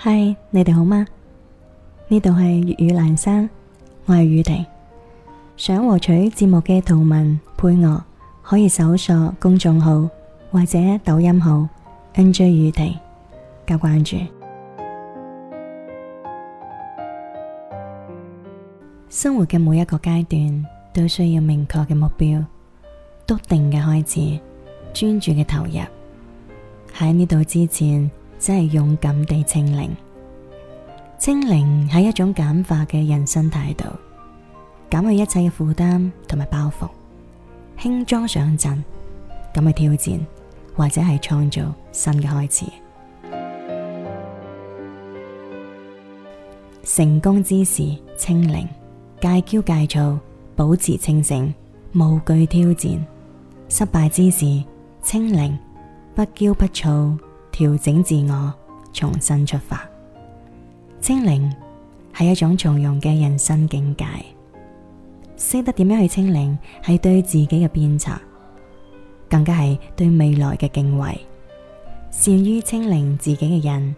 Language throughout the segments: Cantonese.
嗨，Hi, 你哋好嗎？呢度係粵語闌珊，我係宇婷。想獲取節目嘅圖文配樂，可以搜索公眾號或者抖音號 NJ 宇婷加關注。生活嘅每一個階段都需要明確嘅目標、篤定嘅開始、專注嘅投入。喺呢度之前，即係勇敢地清零，清零係一種減法嘅人生態度，減去一切嘅負擔同埋包袱，輕裝上陣，咁去挑戰或者係創造新嘅開始。成功之時，清零，戒驕戒躁，保持清醒，無懼挑戰；失敗之時，清零，不驕不躁。調整自我，重新出發。清零係一種從容嘅人生境界，識得點樣去清零，係對自己嘅鞭策，更加係對未來嘅敬畏。善於清零自己嘅人，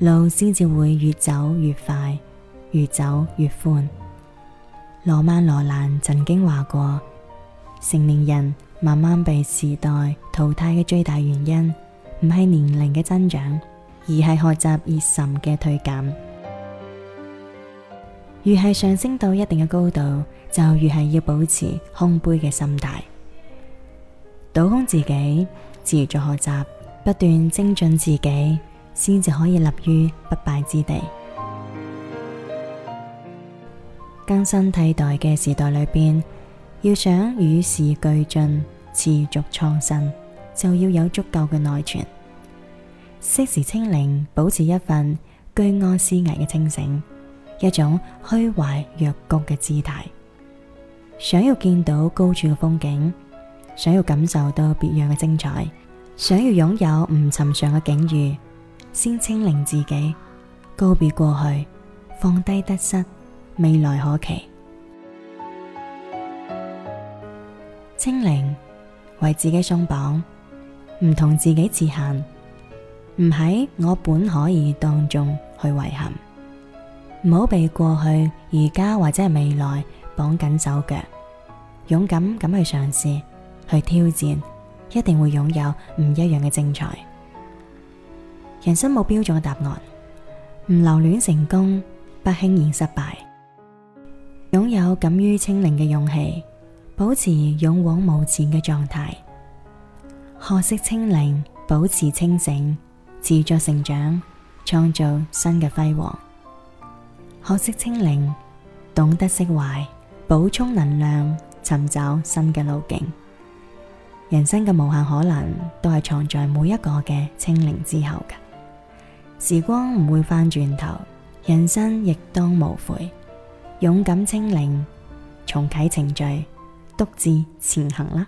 路先至會越走越快，越走越寬。羅曼·羅蘭曾經話過：成年人慢慢被時代淘汰嘅最大原因。唔係年齡嘅增長，而係學習熱忱嘅退減。越係上升到一定嘅高度，就越係要保持空杯嘅心態，倒空自己，持續學習，不斷精進自己，先至可以立於不敗之地。更新迭代嘅時代裏邊，要想與時俱進、持續創新，就要有足夠嘅內存。適時清零，保持一份居安思危嘅清醒，一種虛懷若谷嘅姿態。想要見到高處嘅風景，想要感受到別樣嘅精彩，想要擁有唔尋常嘅境遇，先清零自己，告別過去，放低得失，未來可期。清零，為自己鬆綁，唔同自己設限。唔喺我本可以當中去遺憾，唔好被過去、而家或者係未來綁緊手腳，勇敢咁去嘗試、去挑戰，一定會擁有唔一樣嘅精彩。人生冇標準嘅答案，唔留戀成功，不輕言失敗，擁有敢於清零嘅勇氣，保持勇往無前嘅狀態，學識清零，保持清醒。持續成長，創造新嘅輝煌；學識清零，懂得釋懷，補充能量，尋找新嘅路徑。人生嘅無限可能，都係藏在每一個嘅清零之後嘅。時光唔會返轉頭，人生亦當無悔。勇敢清零，重啟程序，篤志前行啦！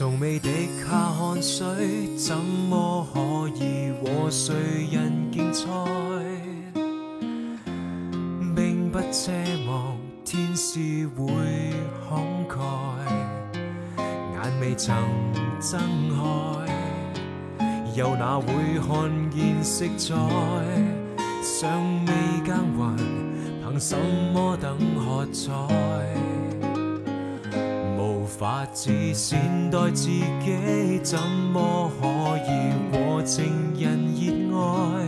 從未滴下汗水，怎麼可以和誰人競賽？並不奢望天使會慷慨，眼未曾睜開，又哪會看見色彩？尚未耕耘，憑什麼等喝彩？法子善待自己，怎麼可以和情人熱愛？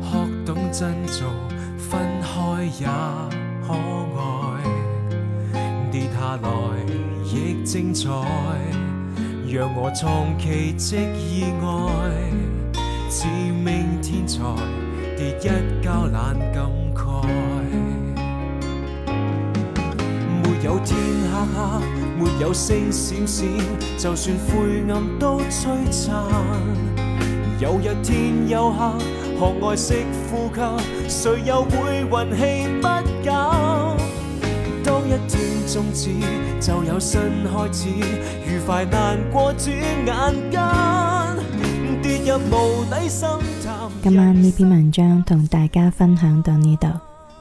學懂珍重，分開也可愛。跌下來亦精彩，讓我創奇蹟意外。自命天才，跌一跤懶感慨。有天黑黑，沒有星閃閃，就算灰暗都璀璨。有日天又黑，學愛惜呼吸，誰又會運氣不減？當一天終止，就有新開始。愉快難過轉眼間，跌入無底深潭。今晚呢篇文章同大家分享到呢度。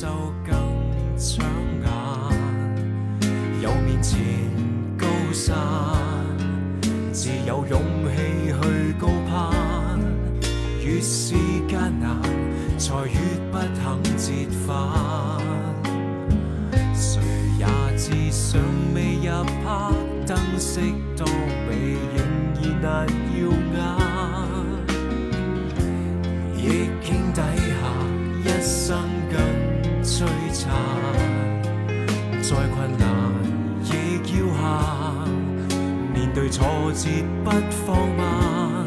就更搶眼，有面前高山，自有勇氣去高攀。越是艱難，才越不肯折返。誰也知尚未入黑，燈色都美，仍然難要。不放慢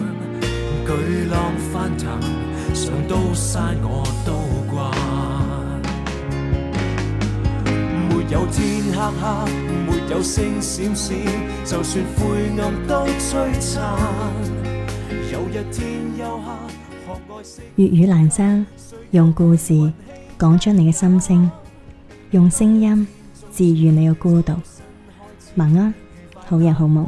巨浪，翻騰想都晒，我都慣。沒有天黑黑，沒有星閃閃，就算灰暗都璀璨。有日天又黑。粵語男聲，用故事講出你嘅心聲，用聲音治愈你嘅孤獨。晚安，好人好夢。